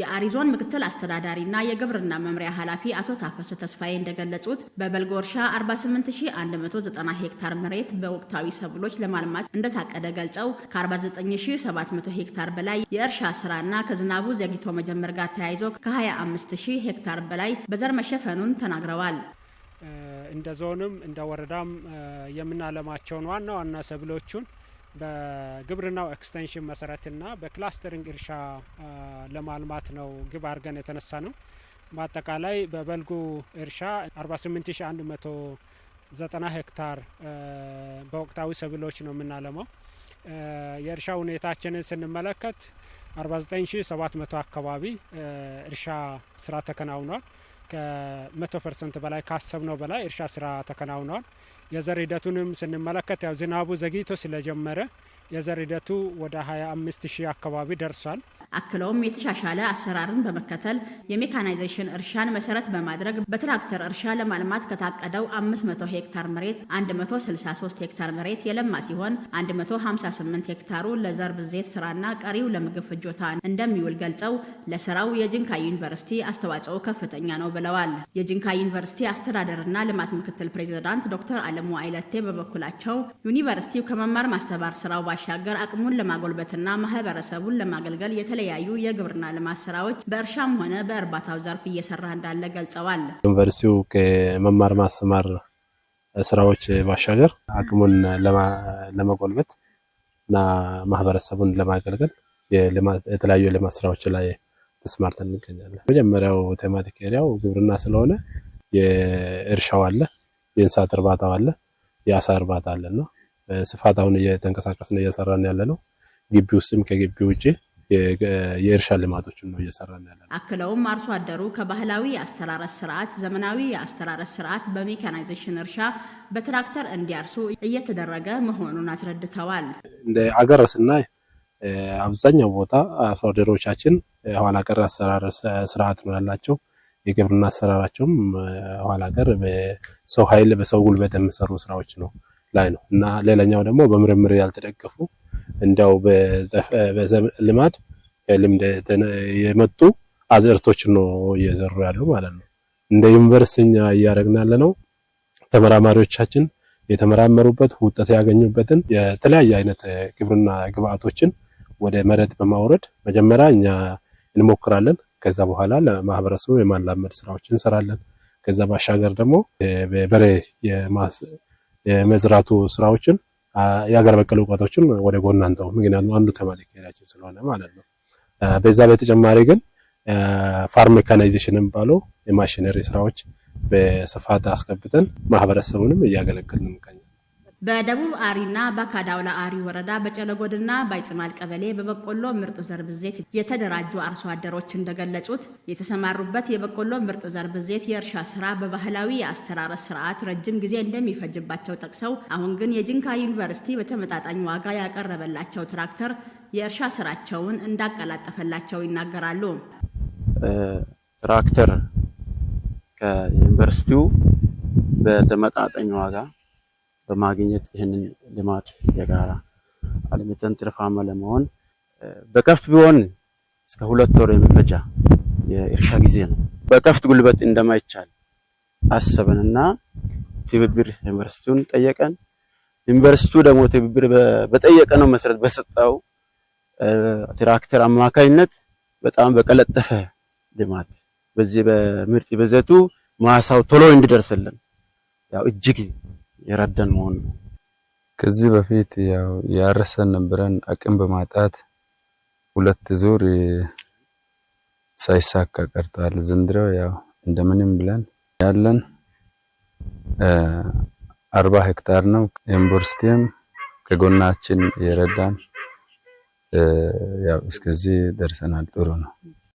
የአሪዞን ምክትል አስተዳዳሪና የግብርና መምሪያ ኃላፊ አቶ ታፈሰ ተስፋዬ እንደገለጹት በበልጎ እርሻ 48190 ሄክታር መሬት በወቅታዊ ሰብሎች ለማልማት እንደታቀደ ገልጸው ከ49700 ሄክታር በላይ የእርሻ ስራና ከዝናቡ ዘግይቶ መጀመር ጋር ተያይዞ ከ25000 ሄክታር በላይ በዘር መሸፈኑን ተናግረዋል። እንደ ዞንም እንደ ወረዳም የምናለማቸውን ዋና ዋና ሰብሎቹን በግብርናው ኤክስቴንሽን መሰረትና በክላስተሪንግ እርሻ ለማልማት ነው ግብ አድርገን የተነሳ ነው። በአጠቃላይ በበልጉ እርሻ 48190 ሄክታር በወቅታዊ ሰብሎች ነው የምናለማው። የእርሻ ሁኔታችንን ስንመለከት 49700 አካባቢ እርሻ ስራ ተከናውኗል። ከ100 ፐርሰንት በላይ ካሰብነው በላይ እርሻ ስራ ተከናውኗል። የዘር ሂደቱንም ስንመለከት ያው ዝናቡ ዘግይቶ ስለጀመረ የዘር ሂደቱ ወደ 25 ሺህ አካባቢ ደርሷል። አክለውም የተሻሻለ አሰራርን በመከተል የሜካናይዜሽን እርሻን መሰረት በማድረግ በትራክተር እርሻ ለማልማት ከታቀደው 500 ሄክታር መሬት 163 ሄክታር መሬት የለማ ሲሆን 158 ሄክታሩ ለዘር ብዜት ስራና ቀሪው ለምግብ ፍጆታ እንደሚውል ገልጸው ለስራው የጅንካ ዩኒቨርሲቲ አስተዋጽኦ ከፍተኛ ነው ብለዋል። የጅንካ ዩኒቨርሲቲ አስተዳደርና ልማት ምክትል ፕሬዚዳንት ዶክተር አለ አለሙ አይለቴ በበኩላቸው ዩኒቨርሲቲው ከመማር ማስተማር ስራው ባሻገር አቅሙን ለማጎልበትና ማህበረሰቡን ለማገልገል የተለያዩ የግብርና ልማት ስራዎች በእርሻም ሆነ በእርባታው ዘርፍ እየሰራ እንዳለ ገልጸዋል። ዩኒቨርሲቲው ከመማር ማስተማር ስራዎች ባሻገር አቅሙን ለመጎልበት እና ማህበረሰቡን ለማገልገል የተለያዩ የልማት ስራዎች ላይ ተስማርተን እንገኛለን። መጀመሪያው ቴማቲክ ኤሪያው ግብርና ስለሆነ የእርሻው አለ የእንስሳት እርባታ አለ፣ የአሳ እርባታ አለና ስፋት አሁን ነው እየሰራን ያለ ነው። ግቢ ውስጥም ከግቢ ውጭ የእርሻ ልማቶችን ነው እየሰራን ያለ ነው። አክለውም አርሶ አደሩ ከባህላዊ የአስተራረስ ስርዓት ዘመናዊ የአስተራረስ ስርዓት በሜካናይዜሽን እርሻ በትራክተር እንዲያርሱ እየተደረገ መሆኑን አስረድተዋል። እንደ አገር ስናይ አብዛኛው ቦታ አርሶ አደሮቻችን ኋላ ቀር አስተራረስ ስርዓት ነው ያላቸው የግብርና አሰራራቸውም ኋላ ቀር በሰው ኃይል በሰው ጉልበት የሚሰሩ ስራዎች ነው ላይ ነው እና ሌላኛው ደግሞ በምርምር ያልተደገፉ እንዲያው በልማድ ልምድ የመጡ አዝርቶች ነው እየዘሩ ያሉ ማለት ነው። እንደ ዩኒቨርስቲ እኛ እያደረግን ያለ ነው ተመራማሪዎቻችን የተመራመሩበት ውጤት ያገኙበትን የተለያየ አይነት ግብርና ግብአቶችን ወደ መሬት በማውረድ መጀመሪያ እኛ እንሞክራለን። ከዛ በኋላ ለማህበረሰቡ የማላመድ ስራዎች እንሰራለን። ከዛ ባሻገር ደግሞ በበሬ የመዝራቱ ስራዎችን የሀገር በቀል እውቀቶችን ወደ ጎን አንተው፣ ምክንያቱም አንዱ ተማሪ ተማሪካችን ስለሆነ ማለት ነው። በዛ በተጨማሪ ግን ፋርም ሜካናይዜሽን የሚባለው የማሽነሪ ስራዎች በስፋት አስገብተን ማህበረሰቡንም እያገለገልን ቀኝ በደቡብ አሪና በካዳውላ አሪ ወረዳ በጨለጎድና ባይጽማል ቀበሌ በበቆሎ ምርጥ ዘር ብዜት የተደራጁ አርሶ አደሮች እንደገለጹት የተሰማሩበት የበቆሎ ምርጥ ዘር ብዜት የእርሻ ስራ በባህላዊ የአስተራረስ ስርዓት ረጅም ጊዜ እንደሚፈጅባቸው ጠቅሰው አሁን ግን የጅንካ ዩኒቨርሲቲ በተመጣጣኝ ዋጋ ያቀረበላቸው ትራክተር የእርሻ ስራቸውን እንዳቀላጠፈላቸው ይናገራሉ። ትራክተር ከዩኒቨርሲቲው በተመጣጣኝ ዋጋ በማግኘት ይህንን ልማት የጋራ አልምተን ትርፋማ ለመሆን በከፍት ቢሆን እስከ ሁለት ወር የሚፈጃ የእርሻ ጊዜ ነው። በከፍት ጉልበት እንደማይቻል አሰብንና ትብብር ዩኒቨርሲቲውን ጠየቀን። ዩኒቨርሲቲው ደግሞ ትብብር በጠየቀነው መሰረት በሰጠው ትራክተር አማካኝነት በጣም በቀለጠፈ ልማት በዚህ በምርጥ በዘቱ ማሳው ቶሎ እንዲደርስልን ያው እጅግ የረዳን መሆን ነው። ከዚህ በፊት ያው ያረሰን ነበረን አቅም በማጣት ሁለት ዙር ሳይሳካ ቀርቷል። ዘንድሮ ያው እንደምንም ብለን ያለን አርባ ሄክታር ነው። ዩኒቨርሲቲም ከጎናችን የረዳን ያው እስከዚህ ደርሰናል። ጥሩ ነው።